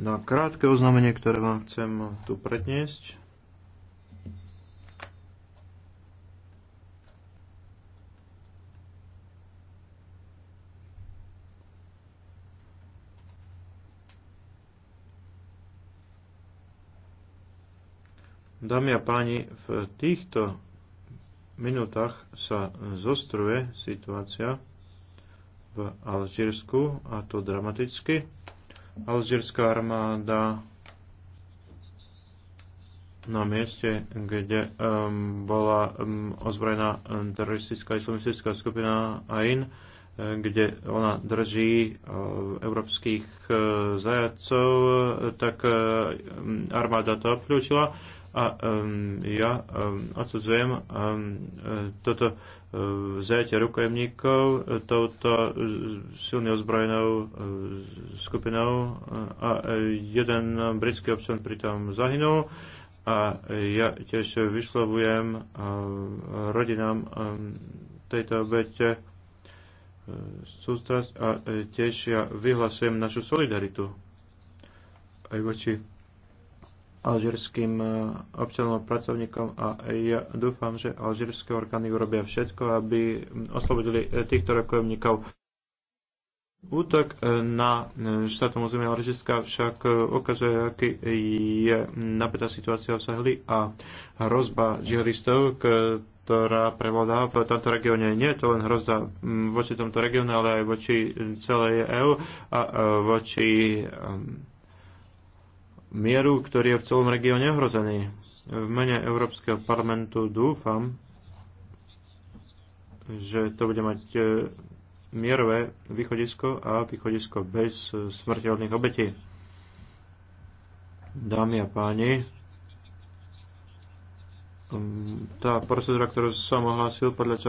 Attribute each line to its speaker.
Speaker 1: na krátke oznámenie, ktoré vám chcem tu predniesť. Dámy a páni, v týchto minútach sa zostruje situácia v Alžírsku a to dramaticky alžírská armáda na mieste, kde um, bola um, ozbrojená um, teroristická islamistická skupina AIN, um, kde ona drží um, európskych uh, zajacov, tak um, armáda to obklúčila a um, ja um, odsudzujem um, toto zajatie rukojemníkov touto silne ozbrojenou skupinou a e, jeden britský občan pritom zahynul a e, ja tiež vyslovujem rodinám tejto obete sústrasť a e, tiež ja vyhlasujem našu solidaritu aj voči alžírským eh, občanom pracovníkom a ja dúfam, že alžírske orgány urobia všetko, aby hm, oslobodili eh, týchto rokovníkov. Útok eh, na štátnom území Alžírska však ukazuje, aký je napätá situácia v Sahli a hrozba džihadistov, ktorá prevládá v tomto regióne. Nie je to len hrozba hm, voči tomto regióne, ale aj voči celej EÚ a voči hm, mieru, ktorý je v celom regióne ohrozený. V mene Európskeho parlamentu dúfam, že to bude mať e, mierové východisko a východisko bez smrteľných obetí. Dámy a páni, tá procedúra, ktorú som ohlásil podľa